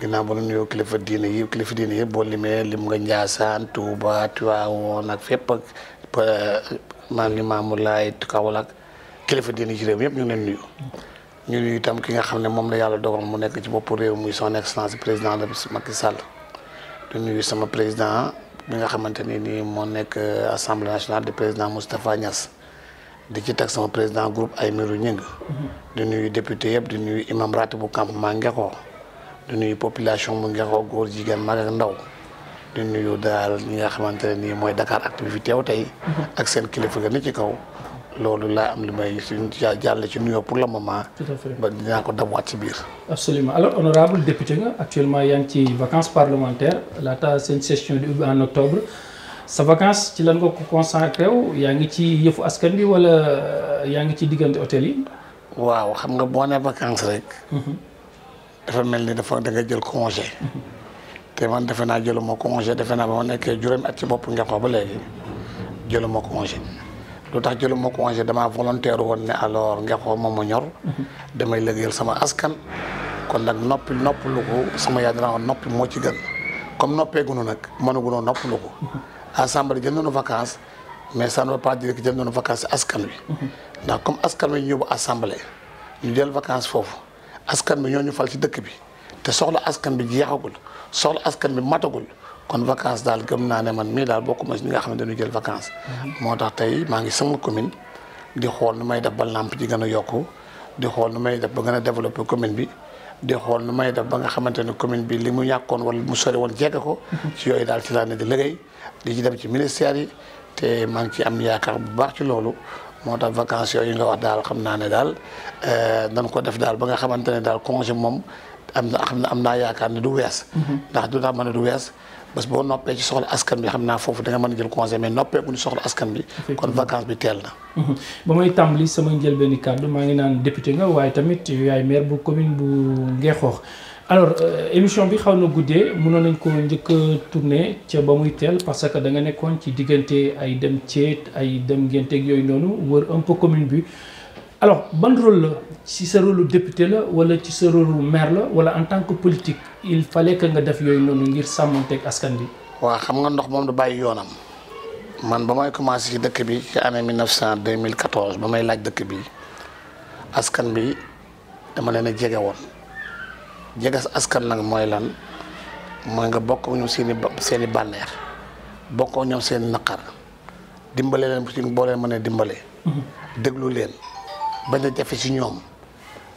ginaaw bu ñu nuyoo kilifa diine yi kilifa diine yi bo limé lim nga Njaasaan Tuuba Tiwaawoon ak fep ak maam Limaamu Laay Kaolack kilifa diine ci rew mi ñu leen nuyu ñu nuyu tam ki nga xam mom la yalla dogal mu nekk ci bopp rew muy son excellence président de Macky Sall de nuyu sama président bi nga xamanteni ni mo nekk euh, assemblée nationale de président Mustapha Niass di ci teg sama président groupe Aymérou Gningue mm-hmm. de nuyu député yëpp de nuyu imam ratibou camp ma nga ko di nuyu population mu ngi ko góor jigéen mag ak ndaw di nuyu daal ñi nga xamante ne nii mooy Dakar ak fi teew tey. ak seen kilifa ga ne ci kaw. loolu laa am li may suñ jàll ci nuyoo pour le moment. ba dinaa ko dabwaat ci biir. absolument alors honorable député nga actuellement yaa ngi ci vacances parlementaires laata seen session di en octobre sa vacance ci lan nga ko consacré yaa ngi ci yëfu askan bi wala yaa ngi ci diggante hôtel yi. waaw xam nga boo nee vacances dafa mel ni dafa da nga jël congé te man defe naa jëluma congé defe naa ba ma nekkee juróomi at ci bopp nga ko ba léegi jëluma congé lu tax jëluma congé damaa volontaire woon ne alors Ngexo moom ma ñor. damay liggéeyal sama askan. kon nag noppi noppalu ko sama yaay dana noppi moo ci gën comme noppeegunu nag mënagunoo noppalu ko. assemblée jël nañu vacance mais ça ne veut pas dire que jël nañu vacance askan wi. ndax comme askan wi ñu yóbbu assemblée ñu jël vacance foofu. askan bi ñoo ñu fal ci dëkk bi te soxla askan bi jeexagul soxla askan bi matagul kon vacance daal gëm naa ne man mii daal bokkuma ci ñi nga xamante ni jël vacance. Mm-hmm. moo tax tey maa ngi sama commune di xool nu may def ba làmp ji gën a yokku di xool nu may def ba gën a développer commune bi. di xool nu may def ba nga xamante ne commune bi li mu ñàkkoon wala mu sori woon jege ko. Mm-hmm. ci yooyu daal ci laa ne di liggéey di ci dem ci ministère yi te maa ngi ci am yaakaar bu baax ci loolu. moo tax vacances yooyu nga wax daal xam naa ne daal euh, nan ko def daal ba nga xamante ne daal congé moom am na xam am naa yaakaar ne du wees. Mhm. ndax du daa mën a du wees parce que boo noppee ci soxla askan bi xam naa foofu da nga mën a jël congé mais noppee bu ñu soxla askan bi. kon vacance bi teel na. Mhm. ba may tàmbali sama njëlbéeni kàddu maa ngi naan député nga waaye tamit yaay maire bu commune bu Ngexoox. alors euh, émission bi xaw na guddee mënoon nañ ko njëkk a tourné ba muy teel parce que da nga nekkoon ci diggante ay dem ceet ay dem ngénteeg yooyu noonu wër un peu commune bi alors ban rôle la ci sa rôle député là, wala ci sa rôle maire la wala en tant que politique il fallait que nga def yooyu noonu ngir sàmmanteeg askan bi. Wa, xam nga ndox moom du bàyyi yoonam man ba may commencé ci dëkk bi ci année 1900 2014 ba may laaj dëkk bi askan bi dama leen a jege woon. jegas askan nak moy lan moy nga bokk ñu seeni seeni banner bokk ñu seen nakar dimbalé len ci boo leen dimbalé mm-hmm. deglu len leen bañ a jafe ci ñom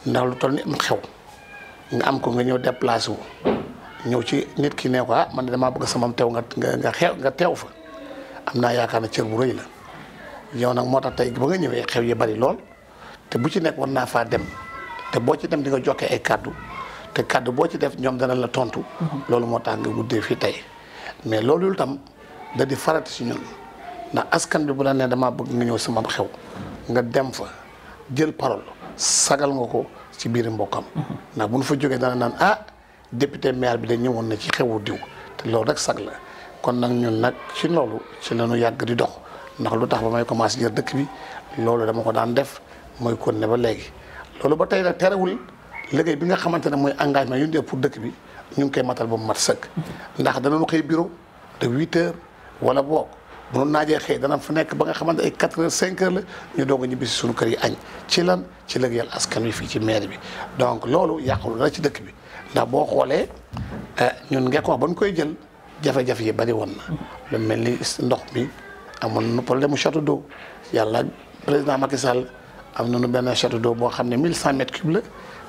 ndax lu tolni am xew nga am ko nga ñew déplacé wu ñew ci nit ki neko ah man dama bëgg samam tew nga nga xew nga tew fa am naa yaakaar cër bu reuy la yow nak mota tay ba nga ñewé xew yi bari lool té bu ci nek won na fa dem té bo ci dem di nga ay cadeau te kàddu boo ci def ñoom dana la tontu. loolu moo tax nga guddee fii tey mais loolu tam da di farat si ñun ndax askan bi bu la nee damaa bëgg nga ñëw sama xew nga dem fa jël parole sagal nga ko ci biir mbokkam. ndax bu nu fa jógee dana naan ah député maire bi de ñëwoon na ci xewu diw te loolu rek sag la kon nag ñun nag ci loolu ci la nu yàgg di dox ndax lu tax ba may commencé jël dëkk bi loolu dama ko daan def mooy kon ne ba léegi loolu ba tey liggéey bi nga xamante ne mooy engagement yu ñu def pour dëkk bi ñu ngi koy matal boobu mu mat sëkk ndax danañu xëy bureau de huit heures wala boog bu nu naajee xëy dana fu nekk ba nga xamante ay quatre heures cinq heures la ñu doog a ñibbi si suñu kër yi añ ci lan ci liggéeyal askan wi fii ci maire bi donc loolu yàqulu dara ci dëkk bi ndax boo xoolee eh, ñun Ngeko ba ñu koy jël jafe-jafe yi bari woon na lu mel ni ndox mi amoon na problème mu château d'eau yàlla président Macky Sall am nañu benn château d'eau boo xam ne mille cent mètres cubes la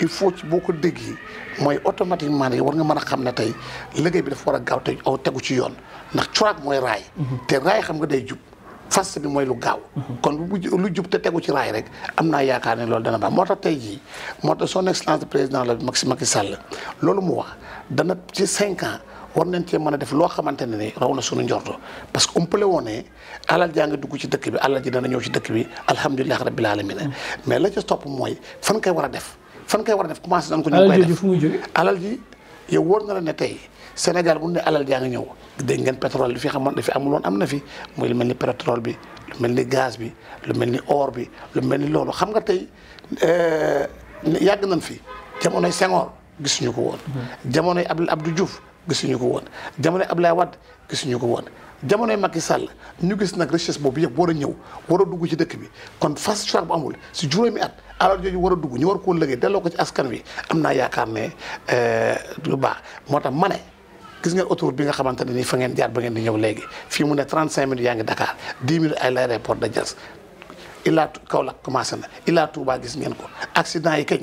il faut ci boo ko déggee mooy yi war nga mën a xam ne tey liggéey bi dafa war a gaaw te aw tegu ci yoon ndax coraag mooy raay. Mhm. te raay xam nga day jub. fas bi mooy lu gaaw. Mhm. kon lu jub te tegu ci raay rek am naa yaakaar ne loolu dana baax moo tax tey jii moo tax son excellence président la Macky Sall loolu mu wax dana ci cinq war nañ cee mën a def loo xamante ne ni raw na suñu njorto parce que umpale woon ne alal jaa nga dugg ci dëkk bi alal ji dana ñëw ci dëkk bi alhamdulilah rabbil alamin mhm. mais la ca topp mooy fan koy war a fan koy war a def commencé nañ ko. ñu koy def alal ji yow wóor na la ne tey Sénégal bu ne alal jaa ngi ñëw dégg ngeen pétrole li fi xamoon dafi amuloon am na fi muy lu mel ni pétrole bi lu mel ni gaz bi lu mel ni or bi lu mel ni loolu xam nga tey euh, yàgg nañ fi jamonoy Senghor gisuñu ko woon. Hmm. jamonoy Abdou Diouf gisuñu ko woon jamonoy Abdoulaye Wade gisuñu ko woon. jamonoy Macky Sall ñu gis nag richesse boobu yëpp war a ñëw war a dugg ci dëkk bi kon fast track bu amul si juróomi at. alal jooju war a dugg ñu war koo liggéey delloo ko ci askan wi am naa yaakaar ne euh, du baax moo tax ma ne gis ngeen autoroute bi nga xamante ne nii fa ngeen jaar ba ngeen di ñëw léegi fii mu ne 35 minutes yaa ngi Dakar 10 minutes ay l'aéroport de Diass illaa Kaolack commencé na illaa Touba gis ngeen ko accident yi kañ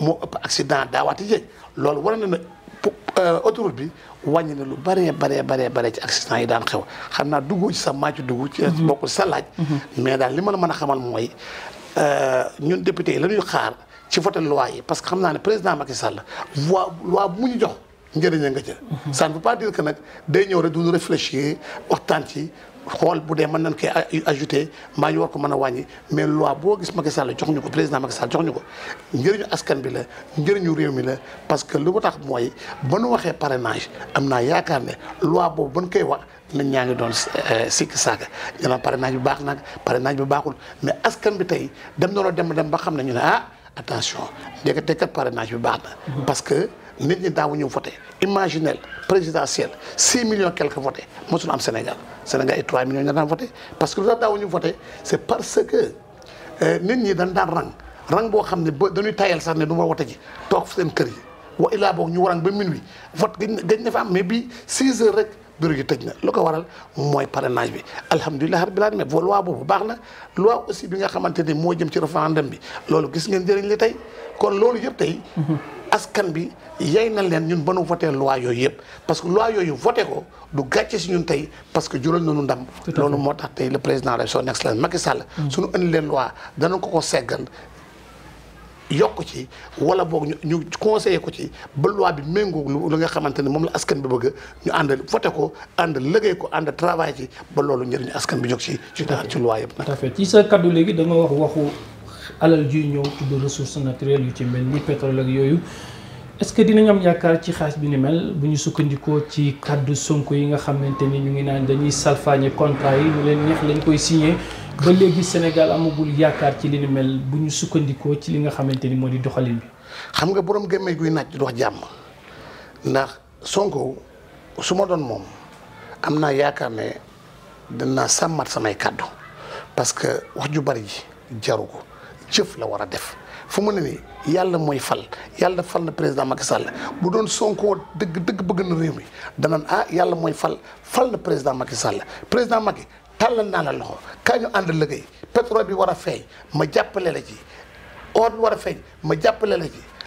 moo ëpp accident daawaati jéeg loolu war na ne euh, autoroute bi wàññi na lu bëree baree baree bare ci accident yi daan xew xam naa duggoo ci sax maa ci dugg. ci mhm. bokkul sa mhm. mais daal li ma la mën a xamal mooy euh, ñun député yi la ñuy xaar ci voté loi yi parce que xam naa ne président Macky Sall voie loi bu ñu jox njëriñ nga ca. Mhm. ça ne veut pas nag day ñëw rek du réfléchir waxtaan ci. xool bu dee ma nañ koy ajouté mbaa ñu war ko mën a wàññi mais loi boo gis ma Sall jox ñu ko président Macky Sall jox ñu ko njëriñu askan bi la njëriñu réew mi la parce que lu ko tax mooy ba nu waxee parrainage am naa yaakaar ne loi boobu ba nu koy wax nañ ñaa ngi doon eh, sikki saaka ñu naan parrainage bi baax nag parrainage bi baaxul mais askan bi tey dem noonu dem dem ba xam ne ñu ne ah attention ndekete kat parenage bi baax na mm-hmm. nit ñi daawuñu voté imaginel présidentielle 6 millions quelques voté mosul am Sénégal Sénégal ay 3 millions ñoo daan voté parce que lu tax daawuñu voté c'est parce que euh, nit ñi dañ daan rang rang boo xam ne dañuy tayal sax ne du ma wote ji toog seen kër yi wa illaa boog ñu warang ba minuit vote gañ na fa am mais bi six heures rek bureau yi tëj na lu ko waral mooy parrainage bi alhamdulilah rabbil alamin bo loi boobu baax na loi aussi bi nga xamante ni moo jëm ci référendum bi loolu gis ngeen njëriñ li tey kon loolu yëpp tey mhm. askan bi yay na leen ñun ba nu voté loi yooyu yëpp parce que loi yooyu voté ko du gàcce si ñun tey parce que jural nañu ndam loolu moo tax tey le président de son excellence Macky Sall mm. suñu indi leen loi dana ko ko seggal yokk ci wala boog ñu ñu conseillé ko ci ba loi bi méngoo lu nga xamante ne moom la askan bi bëgg ñu ànd voté ko ànd liggéey ko ànd travail ci ba loolu njëriñu askan bi jóg ci ci ci loi yëpp nag. ci sa kaddu léegi da wax waxu alal juy ñëw tudd ressources naturelles yu ci mel ni pétrole yooyu est-ce que dinañ am yaakaar ci xaalis bi ni mel bu ñu sukkandikoo ci kàddu Sonko yi nga xamante ni ñu ngi naan dañuy salfaañe contrat yi ñu leen neex lañ koy signé ba léegi Sénégal amagul yaakaar ci li ni mel bu ñu sukkandikoo ci li nga xamante ni moo di doxalin bi. xam nga borom gémmeñ guy naaj dox jàmm ndax Sonko su ma doon moom am naa yaakaar ne danaa sàmmat samay kàddu parce que wax ju bari ji jaru ko jëf la war a def fu mu ne nii yàlla mooy fal yàlla fal na président Macky Sall bu doon Sonko dëgg dëgg bëgg na réew mi danañ ah yàlla mooy fal fal na président Macky Sall président Macky la naa la loxo kaa ñu ànd liggéey pétrole bi war a feeñ ma jàppale la ci or war a feeñ ma jàppale la ci.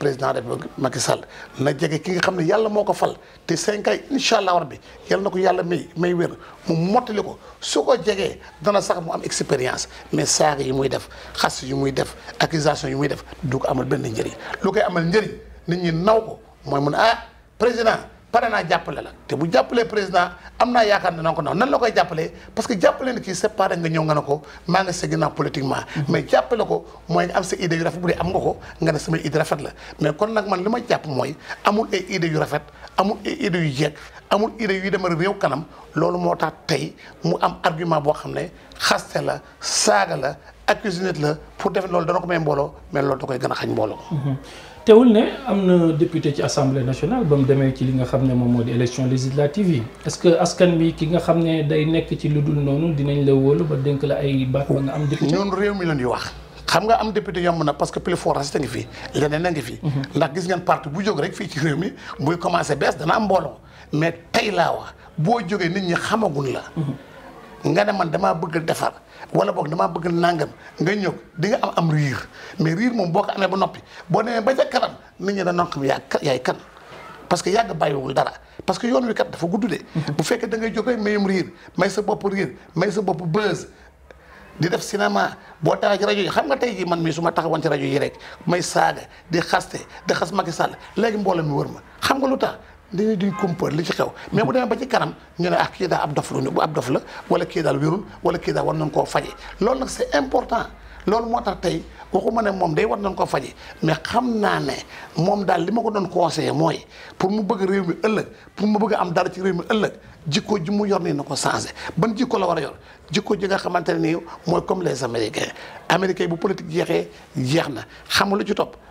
président de Macky Sall na jege ki nga xam ne yàlla moo ko fal te cinq ans incha allah rabbi yàlla na ko yàlla may may wér mu mottali ko su ko jegee dana sax mu am expérience mais saaga yi muy def xas yu muy def accusation yu muy def du ko amal benn njëriñ lu koy amal njëriñ nit ñi naw ko mooy mun ah président pare naa jàppale la te bu jàppalee président am naa yaakaar ne na ko naw nan la koy jàppalee parce que jàppale na kii c'est pas nga ñëw nga ne ko maa ngi sa ginnaaw politiquement mhm. mais jàppale ko mooy nga am sa idée yu rafet bu dee am nga ko nga ne sama idée rafet la mais kon nag man li ma jàpp mooy amul ay idée yu rafet amul ay idée yu jeeg amul idée yuy a réew kanam loolu moo tax tey mu am argument boo xam ne xaste la saaga la accuse nit la pour def loolu dana ko may mbooloo mais loolu da koy gën a xañ mbooloo mhm. teewul ne am na député ci assemblée nationale ba mu demee ci li nga xam ne moom moo di élection législative yi est que askan bi ki nga xam ne day nekk ci lu dul noonu dinañ la wóolu ba dénk la ay baat ba nga am député ñoom réew mi la ñuy wax xam nga am député yomb na parce que pléforage ngi fi leneen a ngi fi mhm. ndax gis ngeen parti bu jóg rek fii ci réew mi buy commencé bees dana am mbooloo mais tey laa wax boo jógee nit ñi xamagun la mhm. nga ne damaa bëgg defar wala boog damaa bëgg nangam nga ñëw di nga am am riir mais riir moom boo ko amee ba noppi boo demee ba ca kanam nit ñi dañoo xam yaa yaay kan parce que yàgg bàyyiwul dara parce que yoon wi kat dafa gudd de. bu fekkee dangay ngay jóg rek mayum riir may sa bopp riir may sa bopp buzz. di def cinéma boo tawee ci rajo yi xam nga tey jii man mii suma ma taxawoon ci rajo yi rek may saaga di xaste di xas Macky Sall léegi mbooloo mi wër ma xam nga lu tax li ne duñ kumpa li ci xew mais bu demee ba ci kanam ñu ne ah kii daal ab dof lu bu ab dof la wala kii daal wérul wala kii daal war nañ koo faje loolu nag c'est important loolu moo tax tey waxuma ne moom day war nañ koo faje mais xam naa ne moom daal li ma ko doon conseillé mooy pour mu bëgg réew mi ëllëg pour mu bëgg am dara ci réew mi ëllëg jikko ji mu yor nii na ko changé ban jikko la war a yor jikko ji nga xamante ne nii mooy comme les américains américains bu politique jeexee jeex na xam lu ci topp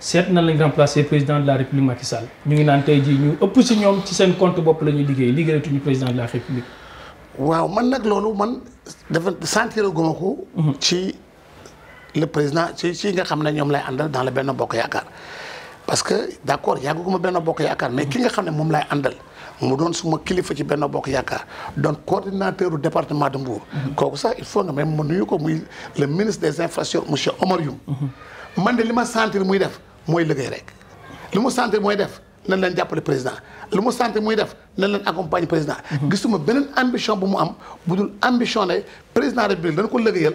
seet nan remplacé remplacer président de la république Macky Sall Nous ngi naan tey jii ñu ëpp si ñoom ci seen compte bopp la ñuy liggéey liggéeyatuñu président de la république. waaw man nag loolu man dafa sentir guma mhm. ci le président ci ci nga xam ne lay dans le benn bokk yaakaar parce que d' accord yàgguma benn bokk yaakaar mais mhm. ki nga xam ne moom lay àndal. mu doon suma kilifa ci benn bokk yaakaar doon coordinateur du département de Mbour. Mhm. kooku sax il faut nga même ma nuyu ko muy le ministre des infrastructures monsieur Omar Youm. man de li ma sentir muy def mooy liggéey rek li mu sentir mooy def nañ leen jàppale président li mu sentir muy def nañ leen accompagne président mhm. gisuma beneen ambition bu mu am bu dul ambition ne président de la République dañ ko liggéeyal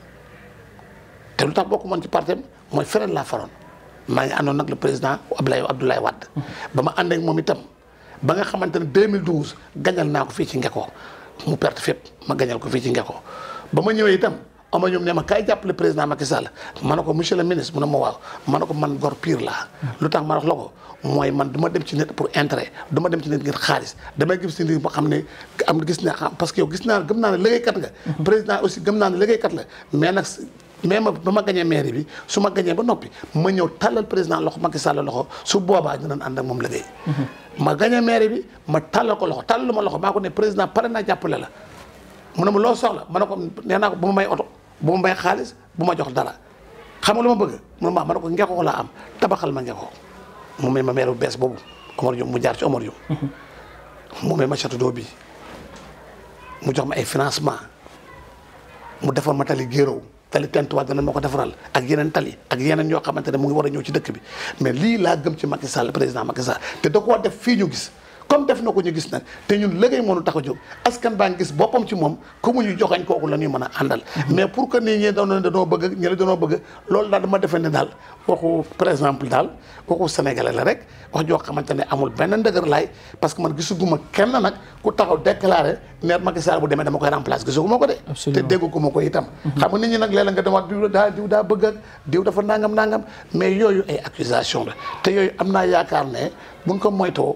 te lu tax bokk man ci parti am mooy feneen laa faroon maa ngi àndoon nag le président Abdoulaye Abdoulaye Wade. ba ma ànd ak moom itam ba nga xamante ne 2012 gañal naa ko fii ci Ngeko mu fépp ma gañal ko fii ci Ngeko ba ma ñëwee itam. ama ñoom ne ma kaay jàppale président Macky Sall ma ne ko monsieur le ministre mu ne ma waaw ma ne ko man gor pire laa lu tax ma la ko mooy man du dem ci nit pour intérêt du dem ci nit ngir xaalis damay gis si nit boo xam ne am gis naa parce que gis naa gëm naa ne liggéeykat nga président aussi gëm naa ne kat la mais nag mais ma ma gañee mairie bi suma gagné ba nopi ma ñëw talal président loxo Macky Sall loxo su ñu nan and ak la liggéey mhm. ma gagné maire bi ma talal ko loxo talal ma loxo maa ko ne président parana naa jàppale la mu ne ma loo soxla ma ne ko nee na ko bu ma may auto bu ma may xaalis bu ma jox dara xam nga ma bëgg mu ma ma ne ko la am tabaxal ma ko mu may ma maire bu bes bobu Omar Dioum mu jaar ci Omar Dioum mhm. mu may ma château do bi mu jox ma ay financement mu defal ma tali gérow tali tentuwaat dana ma ko defaral ak yeneen tali ak yeneen yoo xamante ne mu ngi war a ñëw ci dëkk bi mais lii laa gëm ci Macky Sall président Macky Sall te da def fii ñu gis comme def na ko ñu gis nag te ñun liggéey moo ñu tax a jóg askan baa ngi gis boppam ci moom ku u ñu joxañ kooku la ñuy mën a àndal. Mhm. mais pour que nit ñi dañoo dañoo bëgg ñeneen bëgg loolu daal dama defe ne daal waxu par exemple daal waxu sénégalais la rek wax joo xamante ne amul benn ndëgër laay parce que man gisuguma kenn nag ku taxaw déclaré maire Macky Sall bu demee dama koy remplacer gisuguma ko de. te déggu ko ma ko itam. Mhm. xam nga nit ñi nag léeg nga demaat diw daa diw daa bëgg ak diw dafa nangam nangam mais yooyu ay accusation la te yooyu am naa yaakaar ne bu buñ ko moytoo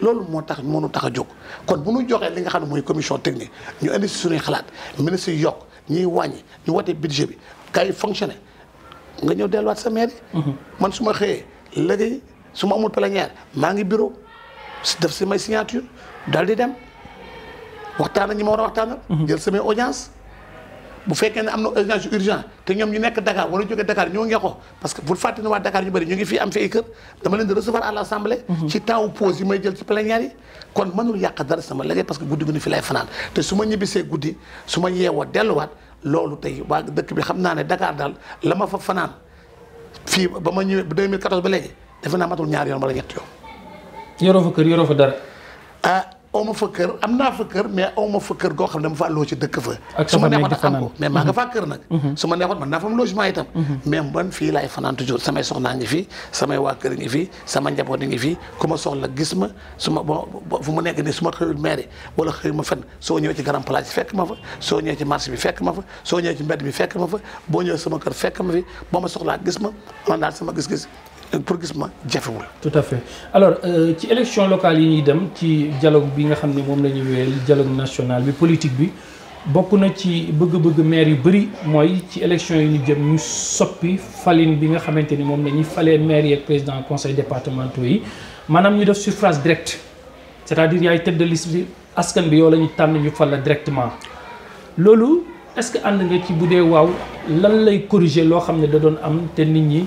loolu moo tax mënu tax a jóg kon bu ñu joxee li nga xam ne mooy commission technique ñu indi si suñuy xalaat ministre yi yokk ñuy wàññi ñu watee budget bi kay fonctionné nga ñëw delluwaat sa mairie. Mhm. man su ma xëyee léegi su ma amul plénière maa ngi bureau si def si may signature daal di dem waxtaan ak ñi ma war a waxtaanal. Mhm. jël samay audience. bu fekkee ne am na urgence urgent te ñoom ñu nekk Dakar a jóge Dakar ñoo ngeexoo parce que bu fàtte ne waa Dakar ñu bëri ñu ngi fii am fi ay kër dama leen di recevoir à l' assemblée mhm. ci temps wu yi may jël ci plénière yi kon mënul yàq dara sama liggéey parce que guddi gu ne fi lay fanaan te su ma ñibbisee guddi su ma yeewoo delluwaat loolu tey waa dëkk bi xam naa ne Dakar daal la ma fa fanaan fii ba ma ñëwee 2014 ba léegi defe naa matul ñaari yoon wala ñett yoon yoroo fa kër yoroo fa aw ma fa kër am naa fa kër mais aw fa kër goo xam ne dama fa loo ci dëkk fa mhm. su ma neexoon am ko mais maa nga faa kër nag su ma neexoon ma naa fa am logement itam mais mhm. man fii laay fanaan toujours samay fii samay waa kër ma su ma bo fu mu nekk nii su ma xëyul mairie wala xëy ma fenn soo ñëwee ci grand place fekk ma fa soo ñëwee ci marché bi fekk ma fa soo ñëwee ci mbedd bi fekk ma fa boo ñëwee sama kër fekk ma fi boo ma soxlaa gis ma man daal sama gis-gis progressivement jafewul. tout à fait alors euh, ci élection locale yi ñuy dem ci dialogue bi nga xam ne moom la dialogue national bi politique bi bokk na ci bëgg-bëgg maire yu bëri mooy ci élection yi ñu jëm ñu soppi falin bi nga xamante ni moom la maire yi ak président conseil départemental yi maanaam ñu def suffrage direct c'est-à-dire yaay tëdd liste bi askan bi yow la ñu tànn ñu fal la directement loolu est-ce que ànd nga ci bu dee waaw lan lay corriger loo xam ne da doon am te nit ñi.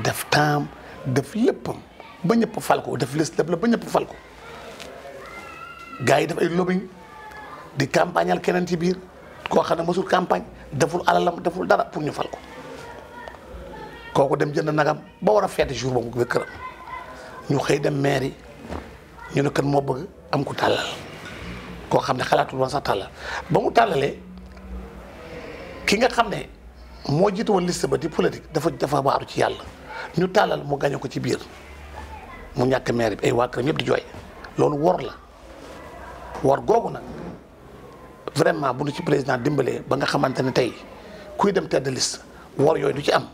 def taam def léppam ba ñëpp fal ko def liste la ba ñëpp falko ko yi def ay lobbying di campagneal keneen ci biir koo xam ne mosul campagne deful alalam deful dara pour ñu fal ko kooku dem jënd nagam ba a feete jour boobu ba xëy dem maire yi ñu ne kan moo bëgg am ku tàllal koo xam ne xalaatul woon sax tàllal ba mu nga xam ne moo jiitu woon liste ba di politique dafa dafa waaru ci yàlla ñu tàllal mu gañe ko ci biir mu ñàkk maire bi ay waa këram yëpp di jooy loolu woor la wor googu nag vraiment bu nu ci président dimbalee ba nga xamante ne tey kuy dem tedd liste wor yooyu du ci am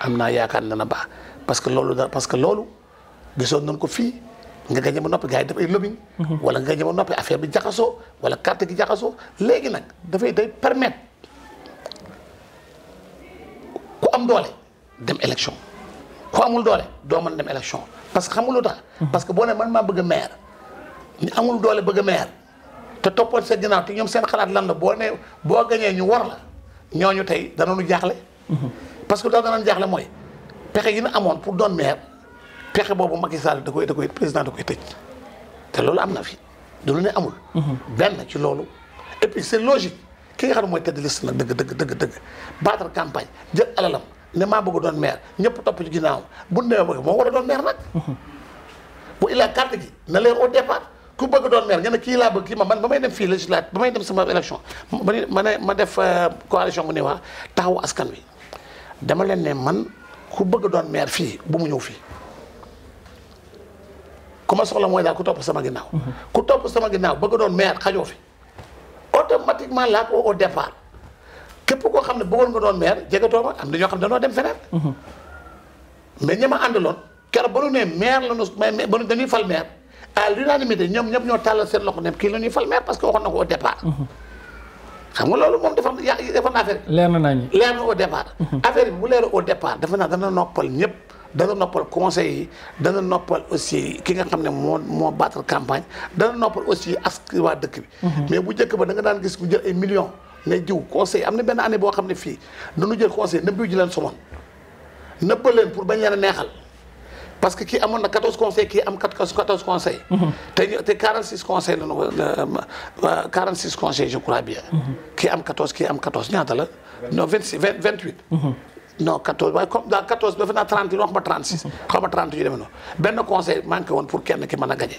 am naa yaakaar ne dana baax parce que loolu da parce que loolu gisoon nañ ko fii nga gañe ba noppi gars yi def ay lobbying. Mhm. wala nga gañe ba noppi affaire bi jaxasoo wala carte gi jaxasoo léegi nag dafay day permettre ku am doole dem élection. ku amul doole doo mën dem élection parce que xamuloo tax. Mhm. parce que boo ne man maa bëgg a maire ñu amul doole bëgg a maire te toppoon sa ginnaaw te ñoom seen xalaat lan la boo ne boo gañee ñu war la ñu tey danañu jaaxle. Mhm. parce que doo danañ jaaxle mooy pexe yi ñu amoon pour doon maire pexe boobu Macky Sall da koy da koy président da koy tëj te loolu am na fi du lu ne amul. Mhm. benn ci loolu et puis c'est logique ki nga xam mooy tëdd liste na dëgg dëgg dëgg dëgg battre campagne jël alalam. ne maa bëgg doon maire ñëpp topp ci ginnaaw bu ñu demee bëgg moo war a doon maire nag. bu ilaa carte gi na leer au départ ku bëgg doon maire nga ne kii laa bëgg kii ma man ba may dem fii législative ba may dem sama élection ma ne ma ne ma def euh, coalition bu ne waa taxawu askan wi dama leen ne man ku bëgg doon maire fii bu mu ñëw fii. ku ma soxla mooy daal ku topp sama ginnaaw. Mhm. ku topp sama ginnaaw bëgg doon maire xajoo fi automatiquement laa ko au départ. képp koo xam ne bëggoon nga doon maire jegatoo ma am na ñoo xam danoo dem feneen. Mhm. mais ña ma àndaloon keroog ba nu nee maire la nu mais ba nu dañuy fal maire à ñëpp ñoo tàllal seen loxo ne kii la ñuy fal maire na ko au départ. Mhm. xam nga loolu moom dafa yaa na affaire leer na nañu leer na au départ. Mhm. affaire bi bu leeru au départ dafa naa dana noppal ñëpp dana noppal conseil yi dana noppal aussi ki nga xam ne moo moo battre campagne dana noppal aussi askan waa dëkk bi. mais bu jëkk ba da nga daan gis ku jël ay millions. ngay jiw conseil am na benn année boo xam ne fii dañu jël conseil nëbbu ji leen somon nëbba leen pour bañ leen neexal parce que kii amoon 14 conseils kii am 14 conseils. Mhm. te ñu te 46 conseils la ñu 46 euh, euh, conseils je crois bien. Mhm. kii am 14 kii am 14 ñaata la. non 26 20 28. non 14 mais comme dans 14 dafa naa 30 wax ma 36. Mhm. xaw ma 30 yu demee noonu benn conseil manqué woon pour kenn ki mën a gagné.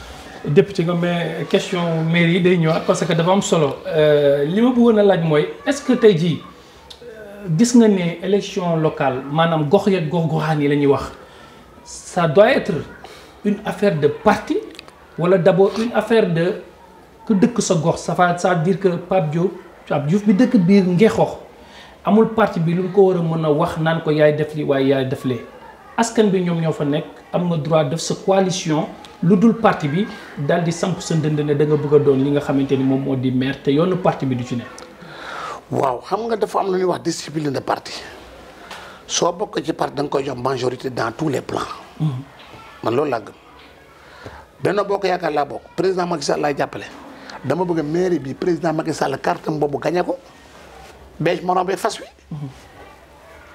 député nga mais question mairie yi day parce que dafa am solo euh, li ma bëggoon a laaj est-ce que tey jii euh, gis nga né élection locale manam gox yeeg gox-goxaan yi wax ça doit être une affaire de parti wala d'abord une affaire de que dëkk sa gox ça veut dire que Pape Diop Pape Diouf bi dëkk bir ngexox amul parti bi lu ko wara a wax nan ko yaay def li way yaay def askan bi ñom ñofa nek am nga droit def sa coalition lu parti bi dal di samp sa ndënd ne da nga bëgg doon li nga xamanteni mom moom di maire te yoonu parti bi du ci ne. waaw xam nga dafa am lu ñuy wax discipline de parti so bokk ci parti dang koy jox majorité dans tous les plans. Mhm. man lool la gëm. Benno Bokk Yaakaar laa bokk président Macky Sall laay jàppale dama bëgg maire bi président Macky Sall carte am boobu gañe ko beej morom bi fas wi. Mhm.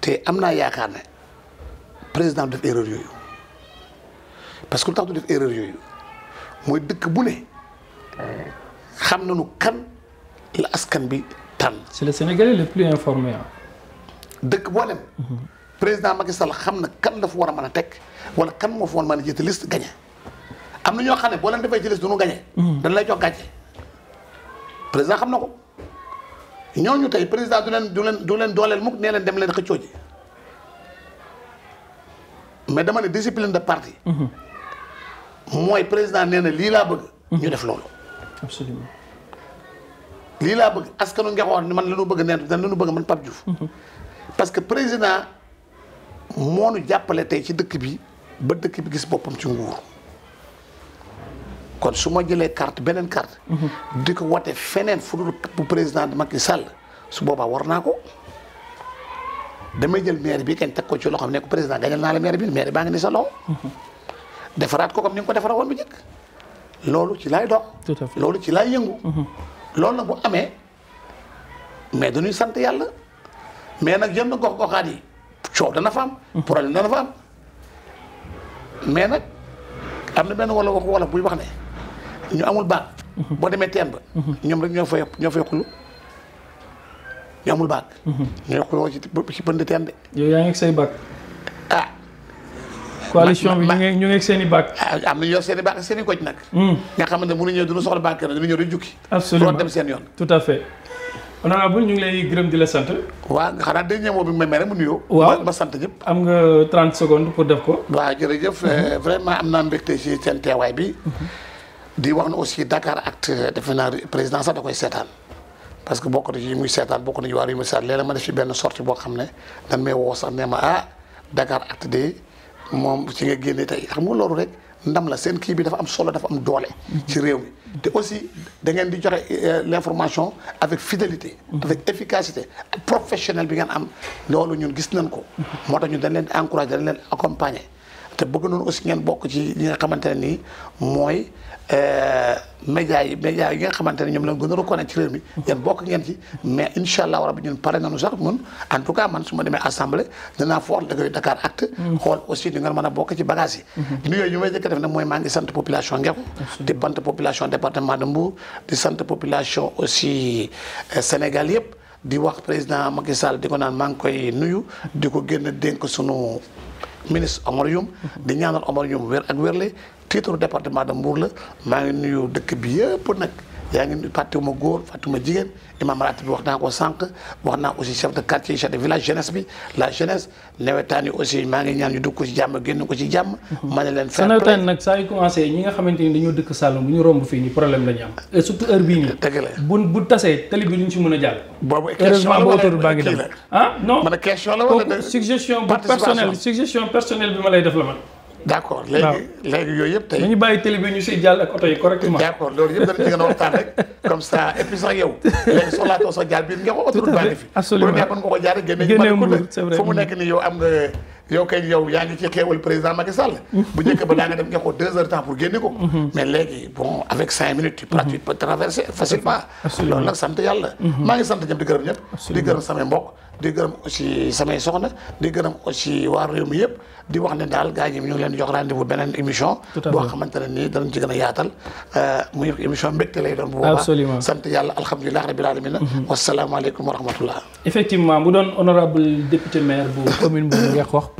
te am naa ne président def erreur yoyu parce que lu tax du def erreur yoyu moy dëkk bu ne xam nañu kan la askan bi tan c'est le Sénégalais le plus informé dëkk bo lem président Macky Sall xam na kan la fa wara mëna tek wala kan mo fa wara mëna mën liste gagné am na ñoo xamné bo boo leen defee ci liste du ñu gagné. dañ lay jox gagné président xam na ñooñu tey président du leen du leen du leen dooleel mukk nee leen dem leen xëccoo mais dama ne discipline de parti. Mm-hmm. mooy président nee na lii laa bëgg. Mm-hmm. ñu def loolu. absolument. lii laa bëgg askanu Ngexoor ni man la ñu bëgg nee na lu ñu bëgg man Pape Diouf. Mm-hmm. parce que président moo nu jàppale tey ci dëkk bi ba dëkk bi gis boppam ci nguur. kon su ma jëlee carte beneen carte. Mhm. di ko wote feneen fu dul bu président Macky Sall su boobaa war naa ko. damay jël maire bi kañ teg ko ci loxoom ne ko président gañal naa la maire bi maire baa ngi ni sa mhm. defaraat ko comme ni nga ko defara woon bu njëkk. loolu ci lay dox. loolu ci laay yëngu. Mhm. loolu nag bu amee mais dañuy sant yàlla mais nag yenn gox-goxaat yi coow dana fa am. problème dana fa am mais nag am na benn wala wax wala buy wax ne. ñu amul baag. boo demee teen ba. ñoom rek ñoo fa ñoo fa yokkulu ñu amul baag. ñu yokkuloo ci ci bënd teen de. yow yaa ngi say baag. ah. coalition bi ñu ngi ñu ngi seen i baag. Ah, am na ñoo seen i baag ak seen i goj nag. Hmm. nga xam ne mënuñu ñëw du ñu soxla baag kër dañu ñëw di jukki. absolument dem seen yoon. tout à fait. honorable ñu ngi lay gërëm di la sant. waaw nga xanaa dernier mot bi may mere mu nuyoo. waaw ma sant ñëpp. am nga 30 secondes pour def ko. waaw jërëjëf mhm. euh, vraiment am naa mbégte ci seen teewaay bi. Mhm. di wax na aussi Dakar Actu defe naa président sax da koy seetaan parce que bokk na ci muy seetaan bokk na ci waa yu muy seetaan benn sortie boo xam ne dañ may woo sax ne ma ah Dakar Actu de moom ci nga génne tey xam nga loolu rek ndam la seen kii bi dafa am solo dafa am doole. ci réew mi te aussi da ngeen di joxe euh, l'information avec fidélité. avec efficacité ak professionnel bi ngeen am loolu ñun gis nañ ko. moo tax ñun dañ leen encourager dañ leen accompagner te bëgg noonu aussi ngeen bokk ci li nga xamante ne nii mooy. Euh, média yi média yi nga xamante ne ñoom la gën a ci réew mi yéen bokk ngeen ci mais incha allah rabbi ñun pare nañu sax mun en tout cas man su ma demee assemblée dinaa fa wax dëgg Dakar mm-hmm. xool aussi di nga mën a bokk ci bagage yi ñu mm-hmm. yooyu ñu may jëkk def nag mooy maa ngi sant population Ngexu di sant population département de Mbour di sant population aussi euh, Sénégal yëpp di wax président Macky di ko naan maa ngi koy nuyu ministre Omar Youm di ñaanal Omar Youm wér ak wérle titre département de Mbour la maa ngi nuyu dëkk bi yëpp nag yaa ngi fàttewuma góor fàttewuma jigéen imam ratib bi wax naa ko sànq wax naa aussi chef de quartier chef de village jeunesse bi la jeunesse nawetaan yi aussi maa ngi ñaan ñu dugg ko ci jàmm génn ko ci jàmm mhm. ma ne leen sa nag saa yu commencé ñi nga xamante ni dañoo dëkk Saloum bu ñu romb fii nii problème la ñu am surtout heure bii nii bu bu tasee tali bi duñ ci mën a jàll boobu heureusement ba autoroute baa ngi dem ah non man question la wala suggestion bu personnel suggestion personnel bi ma lay def la man d' accord léegi léegi yooyu yëpp tey. ñu bàyyi télé bi ñu siy jàll ak oto yi correctement. d' accord loolu yëpp dañu ci gën a waxtaan rek comme ça et puis sax yow léegi soxlaatoo sa jaar biir nga ko autoroute baa fi. absolument ko jaar génne. génne nekk nii yow am nga. yow kay yow yaa ngi ci xeewal président Macky Sall. bu njëkk ba daa dem nga ko deux heures temps pour génne ko. mais léegi bon avec cinq minutes. tu pratiques traverser facilement. loolu nag sant yàlla. maa ngi sant ñëpp di gërëm ñëpp. di gërëm samay mbokk di gërëm aussi samay soxna di gërëm aussi waa réew mi yëpp di wax ne daal gars yi leen jox rendez-vous beneen émission. boo xamante nii danañ ci a yaatal euh, muy émission mbégte lay doon. bu boobaa